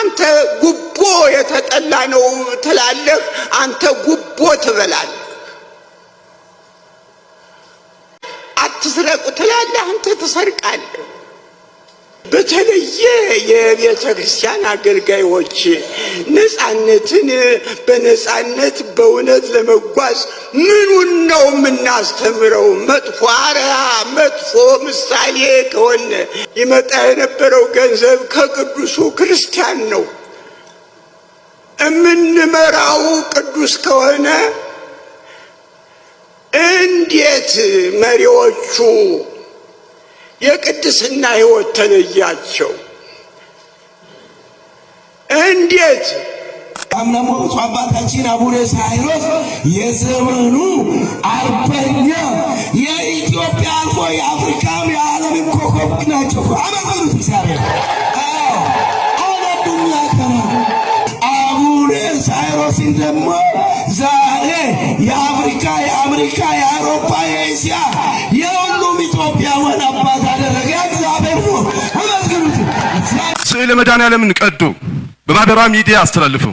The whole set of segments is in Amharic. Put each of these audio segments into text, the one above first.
አንተ ጉቦ የተጠላ ነው ትላለህ። አንተ ጉቦ ትበላለህ። አትስረቁ ትላለህ። አንተ ትሰርቃለህ። በተለየ የቤተ ክርስቲያን አገልጋዮች ነፃነትን በነፃነት በእውነት ለመጓዝ ምኑን ነው የምናስተምረው? መጥፎ አርያ መጥፎ ምሳሌ ከሆነ ይመጣ የነበረው ገንዘብ ከቅዱሱ ክርስቲያን ነው። የምንመራው ቅዱስ ከሆነ እንዴት መሪዎቹ የቅድስና ሕይወት ተለያቸው። እንዴት? አምናሞ አባታችን አቡነ ሳይሮስ የዘመኑ አርበኛ የኢትዮጵያ አልፎ የአፍሪካም የዓለምን ኮከብ ናቸው። አመሰሉት እግዚአብሔር ሳይሮስን ደግሞ ዛሬ የአፍሪካ፣ የአሜሪካ፣ የአውሮፓ፣ የእስያ የሁሉም ኢትዮጵያውያን አባታ ስዕለ መድኃኔዓለምን ቀዶ በማህበራዊ ሚዲያ አስተላልፈው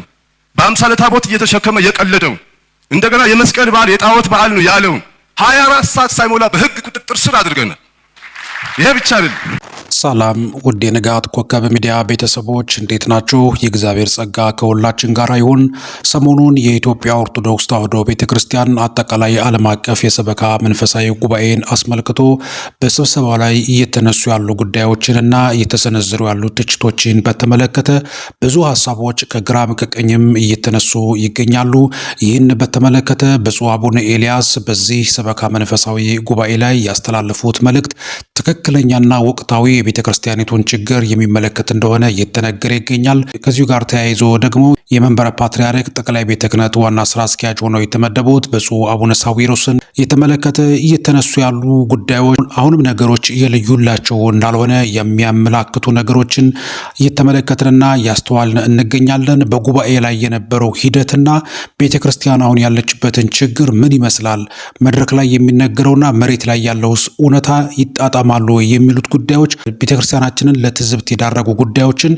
በአምሳለ ታቦት እየተሸከመ የቀለደው እንደገና የመስቀል በዓል የጣዖት በዓል ነው ያለው 24 ሰዓት ሳይሞላ በህግ ቁጥጥር ስር አድርገናል። የብቻ ብቻ ሰላም ውድ የንጋት ኮከብ ሚዲያ ቤተሰቦች እንዴት ናችሁ? የእግዚአብሔር ጸጋ ከሁላችን ጋር ይሁን። ሰሞኑን የኢትዮጵያ ኦርቶዶክስ ተዋሕዶ ቤተ ክርስቲያን አጠቃላይ ዓለም አቀፍ የሰበካ መንፈሳዊ ጉባኤን አስመልክቶ በስብሰባው ላይ እየተነሱ ያሉ ጉዳዮችንና እየተሰነዘሩ ያሉ ትችቶችን በተመለከተ ብዙ ሀሳቦች ከግራም ከቀኝም እየተነሱ ይገኛሉ። ይህን በተመለከተ ብፁዕ አቡነ ኤልያስ በዚህ ሰበካ መንፈሳዊ ጉባኤ ላይ ያስተላለፉት መልእክት ትክክለኛና ወቅታዊ የቤተ ክርስቲያኒቱን ችግር የሚመለከት እንደሆነ እየተነገረ ይገኛል። ከዚሁ ጋር ተያይዞ ደግሞ የመንበረ ፓትርያርክ ጠቅላይ ቤተ ክህነት ዋና ስራ አስኪያጅ ሆነው የተመደቡት ብፁዕ አቡነ ሳዊሮስን የተመለከተ እየተነሱ ያሉ ጉዳዮች አሁንም ነገሮች የልዩላቸው እንዳልሆነ የሚያመላክቱ ነገሮችን እየተመለከትንና እያስተዋልን እንገኛለን። በጉባኤ ላይ የነበረው ሂደትና ቤተ ክርስቲያን አሁን ያለችበትን ችግር ምን ይመስላል፣ መድረክ ላይ የሚነገረውና መሬት ላይ ያለውስ እውነታ ይጣጣማሉ የሚሉት ጉዳዮች ቤተ ክርስቲያናችንን ለትዝብት የዳረጉ ጉዳዮችን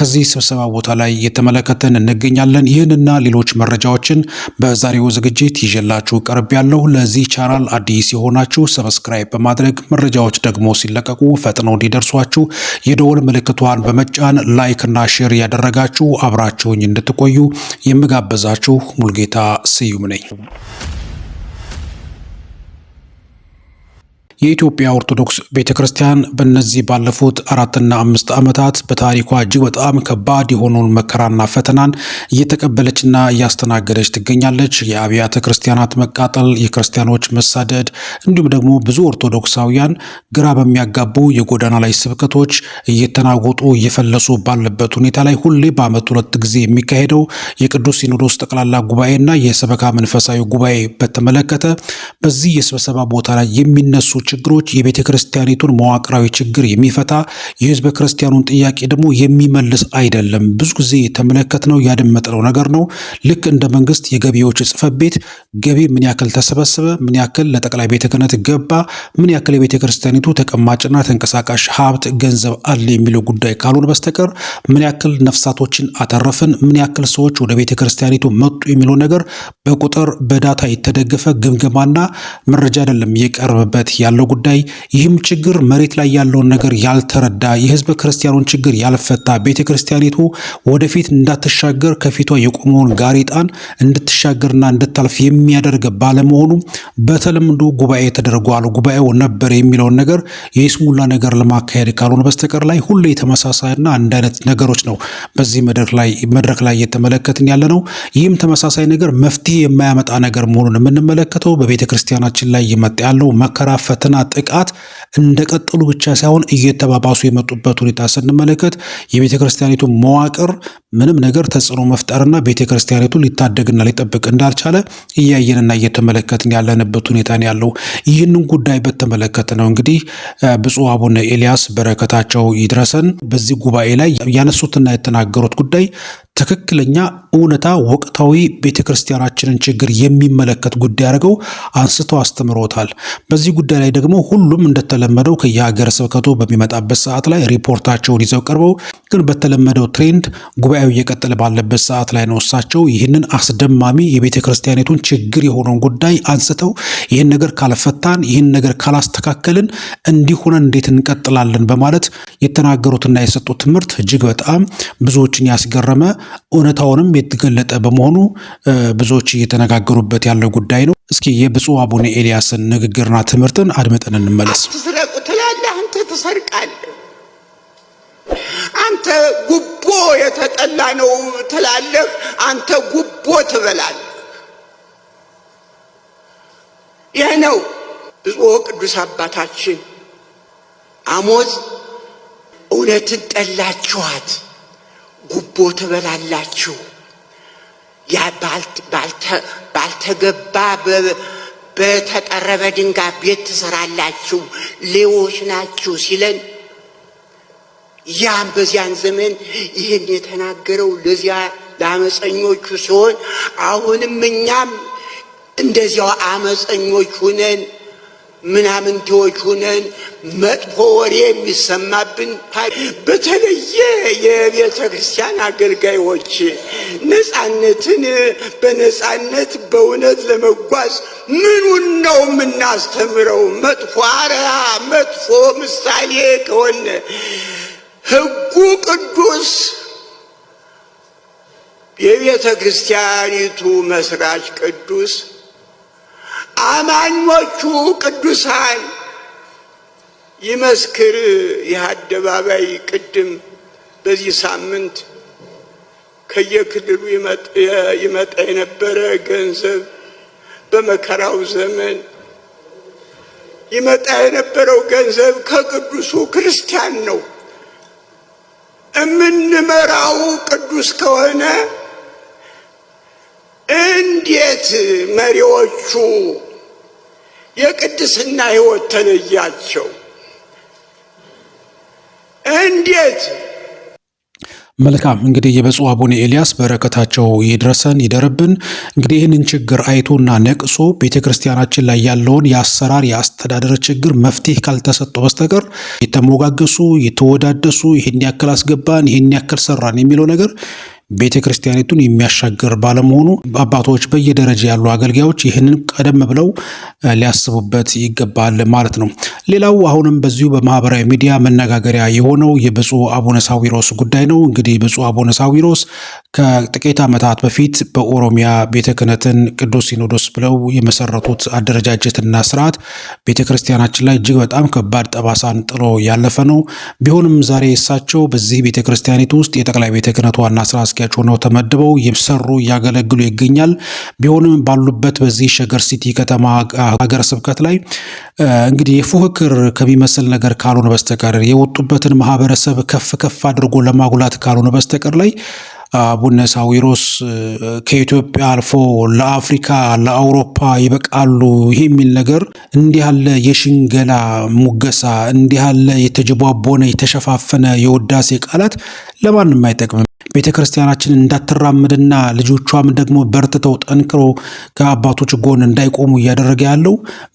ከዚህ ስብሰባ ቦታ ላይ የተመለከተን እንገኛለን። ይህንና ሌሎች መረጃዎችን በዛሬው ዝግጅት ይዤላችሁ ቀርብ ያለው። ለዚህ ቻናል አዲስ የሆናችሁ ሰብስክራይብ በማድረግ መረጃዎች ደግሞ ሲለቀቁ ፈጥነው እንዲደርሷችሁ የደወል ምልክቷን በመጫን ላይክ እና ሼር ያደረጋችሁ አብራችሁኝ እንድትቆዩ የምጋበዛችሁ ሙልጌታ ስዩም ነኝ። የኢትዮጵያ ኦርቶዶክስ ቤተ ክርስቲያን በእነዚህ ባለፉት አራትና አምስት ዓመታት በታሪኳ እጅግ በጣም ከባድ የሆነውን መከራና ፈተናን እየተቀበለችና እያስተናገደች ትገኛለች። የአብያተ ክርስቲያናት መቃጠል፣ የክርስቲያኖች መሳደድ እንዲሁም ደግሞ ብዙ ኦርቶዶክሳውያን ግራ በሚያጋቡ የጎዳና ላይ ስብከቶች እየተናወጡ እየፈለሱ ባለበት ሁኔታ ላይ ሁሌ በዓመት ሁለት ጊዜ የሚካሄደው የቅዱስ ሲኖዶስ ጠቅላላ ጉባኤና የሰበካ መንፈሳዊ ጉባኤ በተመለከተ በዚህ የስብሰባ ቦታ ላይ የሚነሱ ችግሮች የቤተ ክርስቲያኒቱን መዋቅራዊ ችግር የሚፈታ የህዝበ ክርስቲያኑን ጥያቄ ደግሞ የሚመልስ አይደለም። ብዙ ጊዜ የተመለከትነው ያደመጥነው ነገር ነው። ልክ እንደ መንግስት የገቢዎች ጽህፈት ቤት ገቢ ምን ያክል ተሰበሰበ፣ ምን ያክል ለጠቅላይ ቤተ ክህነት ገባ፣ ምን ያክል የቤተ ክርስቲያኒቱ ተቀማጭና ተንቀሳቃሽ ሀብት ገንዘብ አለ የሚለው ጉዳይ ካልሆነ በስተቀር ምን ያክል ነፍሳቶችን አተረፍን፣ ምን ያክል ሰዎች ወደ ቤተ ክርስቲያኒቱ መጡ የሚለው ነገር በቁጥር በዳታ የተደገፈ ግምገማና መረጃ አይደለም የቀረበበት ያለ ያለው ጉዳይ ይህም ችግር መሬት ላይ ያለውን ነገር ያልተረዳ የህዝበ ክርስቲያኑን ችግር ያልፈታ ቤተ ክርስቲያኒቱ ወደፊት እንዳትሻገር ከፊቷ የቆመውን ጋሪጣን እንድትሻገርና እንድታልፍ የሚያደርግ ባለመሆኑ በተለምዶ ጉባኤ ተደርጓል፣ ጉባኤው ነበር የሚለውን ነገር የይስሙላ ነገር ለማካሄድ ካልሆነ በስተቀር ላይ ሁሌ ተመሳሳይና አንድ አይነት ነገሮች ነው በዚህ መድረክ ላይ እየተመለከትን ያለ ነው። ይህም ተመሳሳይ ነገር መፍትሄ የማያመጣ ነገር መሆኑን የምንመለከተው በቤተ ክርስቲያናችን ላይ እየመጣ ያለው መከራፈት ጥቃትና ጥቃት እንደቀጠሉ ብቻ ሳይሆን እየተባባሱ የመጡበት ሁኔታ ስንመለከት የቤተ ክርስቲያኒቱ መዋቅር ምንም ነገር ተጽዕኖ መፍጠርና ቤተ ክርስቲያኒቱ ሊታደግና ሊጠብቅ እንዳልቻለ እያየንና እየተመለከትን ያለንበት ሁኔታ ያለው። ይህንን ጉዳይ በተመለከተ ነው እንግዲህ ብፁዕ አቡነ ኤልያስ በረከታቸው ይድረሰን በዚህ ጉባኤ ላይ ያነሱትና የተናገሩት ጉዳይ ትክክለኛ እውነታ ወቅታዊ ቤተ ክርስቲያናችንን ችግር የሚመለከት ጉዳይ አድርገው አንስተው አስተምሮታል። በዚህ ጉዳይ ላይ ደግሞ ሁሉም እንደተለመደው ከየሀገረ ስብከቱ በሚመጣበት ሰዓት ላይ ሪፖርታቸውን ይዘው ቀርበው ግን በተለመደው ትሬንድ ጉባኤው እየቀጠለ ባለበት ሰዓት ላይ ነው እሳቸው ይህንን አስደማሚ የቤተ ክርስቲያኒቱን ችግር የሆነውን ጉዳይ አንስተው ይህን ነገር ካልፈታን፣ ይህን ነገር ካላስተካከልን እንዲሆነን እንዴት እንቀጥላለን በማለት የተናገሩትና የሰጡት ትምህርት እጅግ በጣም ብዙዎችን ያስገረመ እውነታውንም የተገለጠ በመሆኑ ብዙዎች እየተነጋገሩበት ያለ ጉዳይ ነው። እስኪ የብፁዕ አቡነ ኤልያስን ንግግርና ትምህርትን አድመጠን እንመለስ። አትስረቁ ትላለህ፣ አንተ ትሰርቃለህ። አንተ ጉቦ የተጠላ ነው ትላለህ፣ አንተ ጉቦ ትበላለህ። ይህ ነው ብፁዕ ቅዱስ አባታችን አሞዝ እውነትን ጠላችኋት ጉቦ ትበላላችሁ፣ ባልተገባ በተጠረበ ድንጋይ ቤት ትሰራላችሁ፣ ሌቦች ናችሁ ሲለን ያም በዚያን ዘመን ይህን የተናገረው ለዚያ ለአመፀኞቹ ሲሆን አሁንም እኛም እንደዚያው አመፀኞች ሁነን ምናምንቴዎች ሁነን መጥፎ ወሬ የሚሰማብን በተለየ የቤተ ክርስቲያን አገልጋዮች ነፃነትን በነፃነት በእውነት ለመጓዝ ምኑን ነው የምናስተምረው? መጥፎ አርያ መጥፎ ምሳሌ ከሆነ ሕጉ ቅዱስ የቤተ ክርስቲያኒቱ መስራች ቅዱስ አማኞቹ ቅዱሳን ይመስክር ይህ አደባባይ። ቅድም በዚህ ሳምንት ከየክልሉ ይመጣ የነበረ ገንዘብ በመከራው ዘመን ይመጣ የነበረው ገንዘብ ከቅዱሱ ክርስቲያን ነው። እምንመራው ቅዱስ ከሆነ እንዴት መሪዎቹ የቅድስና ሕይወት ተለያቸው? እንዴት? መልካም እንግዲህ የብፁዕ አቡነ ኤልያስ በረከታቸው ይድረሰን ይደርብን። እንግዲህ ይህንን ችግር አይቶና ነቅሶ ቤተ ክርስቲያናችን ላይ ያለውን የአሰራር የአስተዳደር ችግር መፍትሄ ካልተሰጠው በስተቀር የተሞጋገሱ የተወዳደሱ ይህን ያክል አስገባን ይህን ያክል ሰራን የሚለው ነገር ቤተ ክርስቲያኒቱን የሚያሻገር ባለመሆኑ አባቶች በየደረጃ ያሉ አገልጋዮች ይህንን ቀደም ብለው ሊያስቡበት ይገባል ማለት ነው። ሌላው አሁንም በዚሁ በማህበራዊ ሚዲያ መነጋገሪያ የሆነው የብፁዕ አቡነ ሳዊሮስ ጉዳይ ነው። እንግዲህ ብፁዕ አቡነ ሳዊሮስ ከጥቂት ዓመታት በፊት በኦሮሚያ ቤተ ክህነትን ቅዱስ ሲኖዶስ ብለው የመሰረቱት አደረጃጀትና ስርዓት ቤተ ክርስቲያናችን ላይ እጅግ በጣም ከባድ ጠባሳን ጥሎ ያለፈ ነው። ቢሆንም ዛሬ እሳቸው በዚህ ቤተ ክርስቲያኒቱ ውስጥ የጠቅላይ ቤተ ክህነት ዋና ስራ አስኪያጅ ሆነው ተመድበው የሰሩ እያገለግሉ ይገኛል። ቢሆንም ባሉበት በዚህ ሸገር ሲቲ ከተማ ሀገረ ስብከት ላይ እንግዲህ የፉክክር ከሚመስል ነገር ካልሆነ በስተቀር የወጡበትን ማህበረሰብ ከፍ ከፍ አድርጎ ለማጉላት ካልሆነ በስተቀር ላይ አቡነ ሳዊሮስ ከኢትዮጵያ አልፎ ለአፍሪካ ለአውሮፓ ይበቃሉ የሚል ነገር እንዲህ ያለ የሽንገላ ሙገሳ፣ እንዲህ ያለ የተጀቧቦነ የተሸፋፈነ የውዳሴ ቃላት ለማንም አይጠቅምም። ቤተ ክርስቲያናችን እንዳትራምድና ልጆቿም ደግሞ በርትተው ጠንክሮ ከአባቶች ጎን እንዳይቆሙ እያደረገ ያለው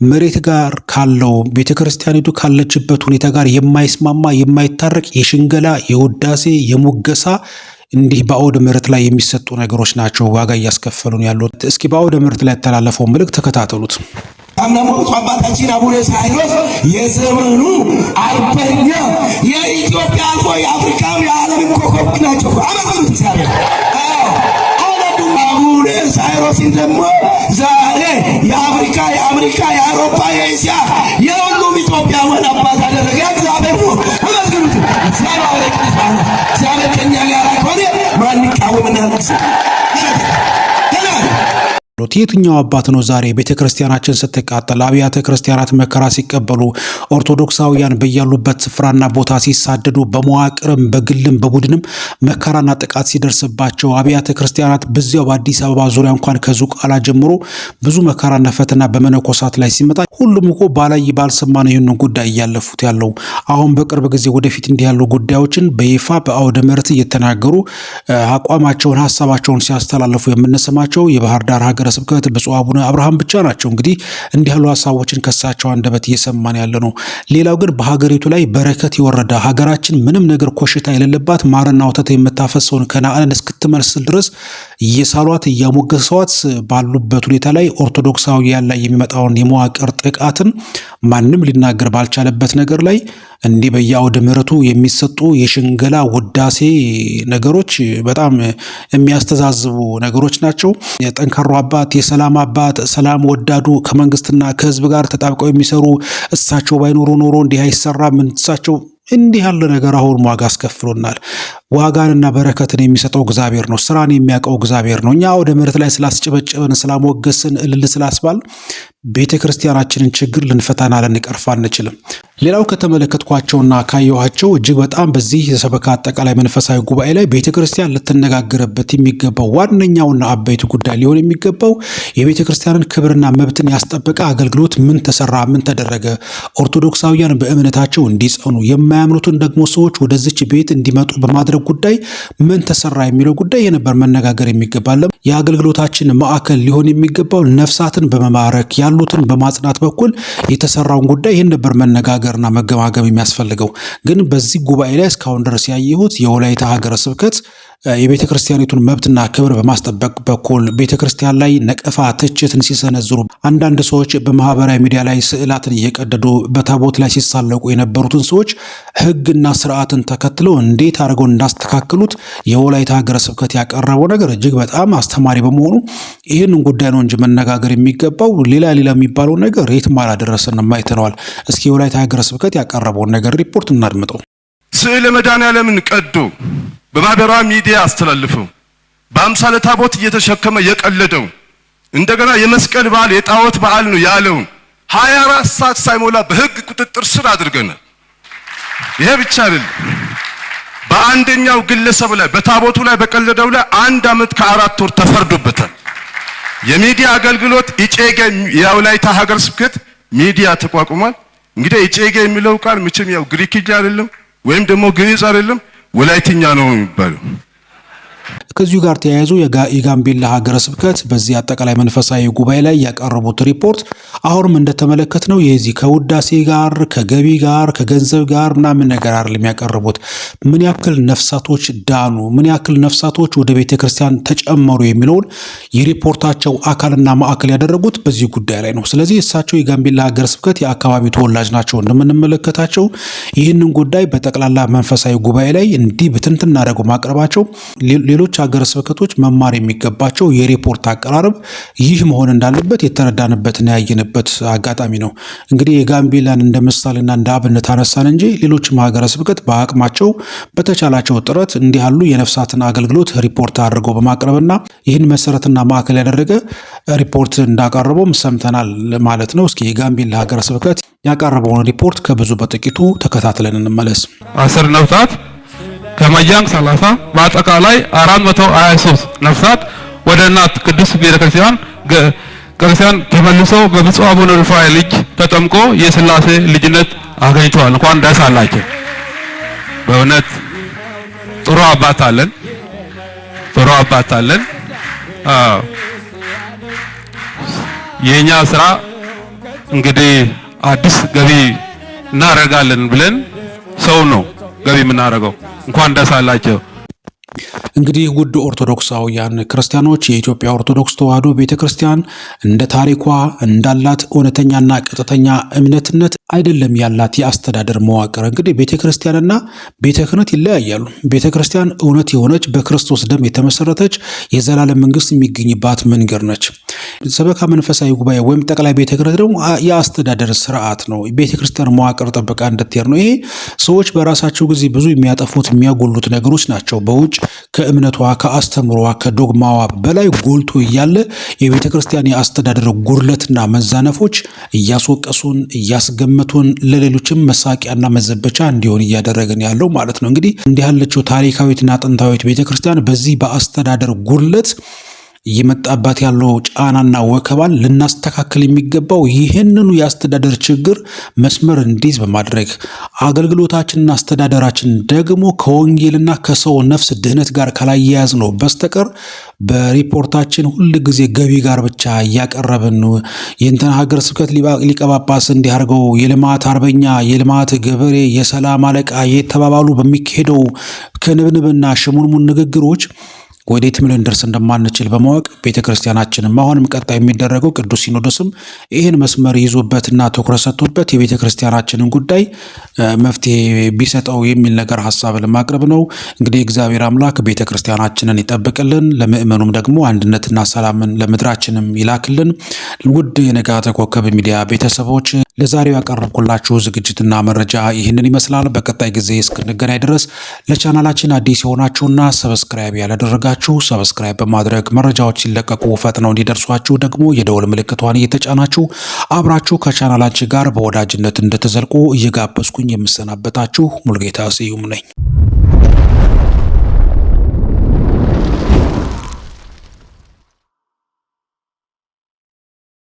መሬት ጋር ካለው ቤተ ክርስቲያኒቱ ካለችበት ሁኔታ ጋር የማይስማማ የማይታረቅ የሽንገላ፣ የውዳሴ፣ የሙገሳ እንዲህ በአውደ ምሕረት ላይ የሚሰጡ ነገሮች ናቸው ዋጋ እያስከፈሉን ያሉት። እስኪ በአውደ ምሕረት ላይ ያተላለፈው መልእክት ተከታተሉት። ታምናሞ ብፁዕ አባታችን አቡነ ሳይሮስ የዘመኑ አርበኛ የኢትዮጵያ አልፎ የአፍሪካም የዓለም ኮከብ ናቸው። አመሰግኑ እግዚአብሔር። አቡነ ሳይሮስን ደግሞ ዛሬ የአፍሪካ የአሜሪካ የአውሮፓ የእስያ የሁሉም ኢትዮጵያውያን አባት አደረገ እግዚአብሔር ነው። አመሰግኑት። እግዚአብሔር ከእኛ ጋር ከሆነ ማን ይቃወመናል? ሎት የትኛው አባት ነው ዛሬ ቤተ ክርስቲያናችን ስትቃጠል አብያተ ክርስቲያናት መከራ ሲቀበሉ ኦርቶዶክሳውያን በያሉበት ስፍራና ቦታ ሲሳደዱ በመዋቅርም በግልም በቡድንም መከራና ጥቃት ሲደርስባቸው አብያተ ክርስቲያናት በዚያው በአዲስ አበባ ዙሪያ እንኳን ከዝቋላ ጀምሮ ብዙ መከራና ፈተና በመነኮሳት ላይ ሲመጣ ሁሉም እኮ ባላይ ባልሰማ ነው ይህንን ጉዳይ እያለፉት ያለው። አሁን በቅርብ ጊዜ ወደፊት እንዲህ ያሉ ጉዳዮችን በይፋ በአውደ ምሕረት እየተናገሩ አቋማቸውን ሀሳባቸውን ሲያስተላልፉ የምንሰማቸው የባህር ዳር ሀገር ሀገረ ስብከት ብፁዕ አቡነ አብርሃም ብቻ ናቸው። እንግዲህ እንዲህ ያሉ ሀሳቦችን ከሳቸው አንደበት እየሰማን ያለ ነው። ሌላው ግን በሀገሪቱ ላይ በረከት የወረደ ሀገራችን ምንም ነገር ኮሽታ የሌለባት ማርና ወተት የምታፈሰውን ከነዓንን እስክትመስል ድረስ እየሳሏት እያሞገሰዋት ባሉበት ሁኔታ ላይ ኦርቶዶክሳዊ ያላ የሚመጣውን የመዋቅር ጥቃትን ማንም ሊናገር ባልቻለበት ነገር ላይ እንዲህ በየአውደ ምሕረቱ የሚሰጡ የሽንገላ ውዳሴ ነገሮች በጣም የሚያስተዛዝቡ ነገሮች ናቸው። የጠንካራ አባት፣ የሰላም አባት፣ ሰላም ወዳዱ ከመንግስትና ከህዝብ ጋር ተጣብቀው የሚሰሩ እሳቸው ባይኖሩ ኖሮ እንዲህ አይሰራም። እሳቸው እንዲህ ያለ ነገር አሁን ዋጋ አስከፍሎናል። ዋጋንና በረከትን የሚሰጠው እግዚአብሔር ነው። ስራን የሚያውቀው እግዚአብሔር ነው። እኛ ወደ መሬት ላይ ስላስጭበጭበን ስላሞገስን፣ እልል ስላስባል ቤተ ክርስቲያናችንን ችግር ልንፈታና ልንቀርፍ አንችልም። ሌላው ከተመለከትኳቸውና ካየኋቸው እጅግ በጣም በዚህ የሰበካ አጠቃላይ መንፈሳዊ ጉባኤ ላይ ቤተ ክርስቲያን ልትነጋገርበት የሚገባው ዋነኛውና አበይቱ ጉዳይ ሊሆን የሚገባው የቤተ ክርስቲያንን ክብርና መብትን ያስጠበቀ አገልግሎት ምን ተሰራ? ምን ተደረገ? ኦርቶዶክሳውያን በእምነታቸው እንዲጸኑ፣ የማያምኑትን ደግሞ ሰዎች ወደዚች ቤት እንዲመጡ በማድረ ጉዳይ ምን ተሰራ የሚለው ጉዳይ የነበር መነጋገር የሚገባለ የአገልግሎታችን ማዕከል ሊሆን የሚገባው ነፍሳትን በመማረክ ያሉትን በማጽናት በኩል የተሰራውን ጉዳይ ይህን ነበር መነጋገርና መገማገም የሚያስፈልገው። ግን በዚህ ጉባኤ ላይ እስካሁን ድረስ ያየሁት የወላይታ ሀገረ ስብከት የቤተ ክርስቲያኒቱን መብትና ክብር በማስጠበቅ በኩል ቤተ ክርስቲያን ላይ ነቀፋ፣ ትችትን ሲሰነዝሩ አንዳንድ ሰዎች በማህበራዊ ሚዲያ ላይ ስዕላትን እየቀደዱ በታቦት ላይ ሲሳለቁ የነበሩትን ሰዎች ሕግና ስርዓትን ተከትለው እንዴት አድርገው እንዳስተካክሉት የወላይታ ሀገረ ስብከት ያቀረበው ነገር እጅግ በጣም አስተማሪ በመሆኑ ይህንን ጉዳይ ነው እንጂ መነጋገር የሚገባው ሌላ ሌላ የሚባለው ነገር የትም አላደረሰንም፣ አይተነዋል። እስኪ የወላይታ ሀገረ ስብከት ያቀረበውን ነገር ሪፖርት እናድምጠው። ስዕለ መድኃኔዓለምን ቀዶ በማህበራዊ ሚዲያ አስተላልፈው በአምሳለ ታቦት እየተሸከመ የቀለደው እንደገና የመስቀል በዓል የጣዖት በዓል ነው ያለውን 24 ሰዓት ሳይሞላ በህግ ቁጥጥር ስር አድርገናል። ይሄ ብቻ አይደለም። በአንደኛው ግለሰብ ላይ በታቦቱ ላይ በቀለደው ላይ አንድ አመት ከአራት ወር ተፈርዶበታል። የሚዲያ አገልግሎት ያው የወላይታ ሀገር ስብከት ሚዲያ ተቋቁሟል። እንግዲህ ኢጬጌ የሚለው ቃል መቼም ያው ግሪክኛ አይደለም ወይም ደግሞ ግዕዝ አይደለም ወላይትኛ ነው የሚባለው። ከዚሁ ጋር ተያይዞ የጋምቤላ ሀገረ ስብከት በዚህ አጠቃላይ መንፈሳዊ ጉባኤ ላይ ያቀረቡት ሪፖርት አሁንም እንደተመለከት ነው የዚህ ከውዳሴ ጋር ከገቢ ጋር ከገንዘብ ጋር ምናምን ነገር አይደል የሚያቀርቡት። ምን ያክል ነፍሳቶች ዳኑ፣ ምን ያክል ነፍሳቶች ወደ ቤተ ክርስቲያን ተጨመሩ የሚለውን የሪፖርታቸው አካልና ማዕከል ያደረጉት በዚህ ጉዳይ ላይ ነው። ስለዚህ እሳቸው የጋምቤላ ሀገረ ስብከት የአካባቢው ተወላጅ ናቸው። እንደምንመለከታቸው ይህንን ጉዳይ በጠቅላላ መንፈሳዊ ጉባኤ ላይ እንዲህ ብትንትና ማቅረባቸው ሌሎች ሀገረ ስብከቶች መማር የሚገባቸው የሪፖርት አቀራረብ ይህ መሆን እንዳለበት የተረዳንበትና ያየንበት አጋጣሚ ነው። እንግዲህ የጋምቤላን እንደ ምሳሌና እንደ አብነት አነሳን እንጂ ሌሎችም ሀገረ ስብከት በአቅማቸው በተቻላቸው ጥረት እንዲህ ያሉ የነፍሳትን አገልግሎት ሪፖርት አድርጎ በማቅረብና ይህን መሰረትና ማዕከል ያደረገ ሪፖርት እንዳቀረበውም ሰምተናል ማለት ነው። እስኪ የጋምቤላ ሀገረ ስብከት ያቀረበውን ሪፖርት ከብዙ በጥቂቱ ተከታትለን እንመለስ። አስር ነፍሳት ከመጃን 30 በአጠቃላይ 423 ነፍሳት ወደ እናት ቅዱስ ቤተክርስቲያን ክርስቲያን ተመልሰው በብፁዕ አቡነ ሩፋኤል እጅ ተጠምቆ የስላሴ ልጅነት አገኝተዋል። እንኳን ደስ አላቸው። በእውነት ጥሩ አባት አለን፣ ጥሩ አባት አለን። የኛ ስራ እንግዲህ አዲስ ገቢ እናደርጋለን ብለን ሰው ነው ገቢ የምናደርገው። እንኳን ደስ አላቸው። እንግዲህ ውድ ኦርቶዶክሳውያን ክርስቲያኖች የኢትዮጵያ ኦርቶዶክስ ተዋሕዶ ቤተ ክርስቲያን እንደ ታሪኳ እንዳላት እውነተኛና ቀጥተኛ እምነትነት አይደለም ያላት የአስተዳደር መዋቅር። እንግዲህ ቤተ ክርስቲያንና ቤተ ክህነት ይለያያሉ። ቤተ ክርስቲያን እውነት የሆነች በክርስቶስ ደም የተመሰረተች የዘላለም መንግስት የሚገኝባት መንገድ ነች። ሰበካ መንፈሳዊ ጉባኤ ወይም ጠቅላይ ቤተ ክህነት ደግሞ የአስተዳደር ስርዓት ነው። ቤተ ክርስቲያን መዋቅር ጠብቃ እንድትሄድ ነው። ይሄ ሰዎች በራሳቸው ጊዜ ብዙ የሚያጠፉት የሚያጎሉት ነገሮች ናቸው። በውጭ ከእምነቷ ከአስተምሯ ከዶግማዋ በላይ ጎልቶ እያለ የቤተ ክርስቲያን የአስተዳደር ጉድለትና መዛነፎች እያስወቀሱን እያስገ መቶን ለሌሎችም መሳቂያና መዘበቻ እንዲሆን እያደረግን ያለው ማለት ነው። እንግዲህ እንዲህ ያለችው ታሪካዊትና ጥንታዊት ቤተክርስቲያን በዚህ በአስተዳደር ጉድለት እየመጣባት ያለው ጫናና ወከባን ልናስተካከል የሚገባው ይህንኑ የአስተዳደር ችግር መስመር እንዲይዝ በማድረግ አገልግሎታችንና አስተዳደራችን ደግሞ ከወንጌልና ከሰው ነፍስ ድህነት ጋር ካላያያዝ ነው በስተቀር በሪፖርታችን ሁል ጊዜ ገቢ ጋር ብቻ እያቀረብን የእንትን ሀገር ስብከት ሊቀጳጳስ እንዲያርገው የልማት አርበኛ፣ የልማት ገበሬ፣ የሰላም አለቃ የተባባሉ በሚካሄደው ከንብንብና ሽሙንሙን ንግግሮች ወዴትም ልንደርስ እንደማንችል በማወቅ ቤተ ክርስቲያናችንም አሁንም ቀጣይ የሚደረገው ቅዱስ ሲኖዶስም ይህን መስመር ይዞበትና ትኩረት ሰጥቶበት የቤተ ክርስቲያናችንን ጉዳይ መፍትሄ ቢሰጠው የሚል ነገር ሀሳብ ለማቅረብ ነው። እንግዲህ እግዚአብሔር አምላክ ቤተ ክርስቲያናችንን ይጠብቅልን፣ ለምእመኑም ደግሞ አንድነትና ሰላምን ለምድራችንም ይላክልን። ውድ የንጋተ ኮከብ ሚዲያ ቤተሰቦች ለዛሬው ያቀረብኩላችሁ ዝግጅትና መረጃ ይህንን ይመስላል። በቀጣይ ጊዜ እስክንገናኝ ድረስ ለቻናላችን አዲስ የሆናችሁና ሰብስክራይብ ያላደረጋችሁ ከወደዳችሁ ሰብስክራይብ በማድረግ መረጃዎች ሲለቀቁ ፈጥነው እንዲደርሷችሁ ደግሞ የደወል ምልክቷን እየተጫናችሁ አብራችሁ ከቻናላችን ጋር በወዳጅነት እንድትዘልቁ እየጋበዝኩኝ የምሰናበታችሁ ሙልጌታ ስዩም ነኝ።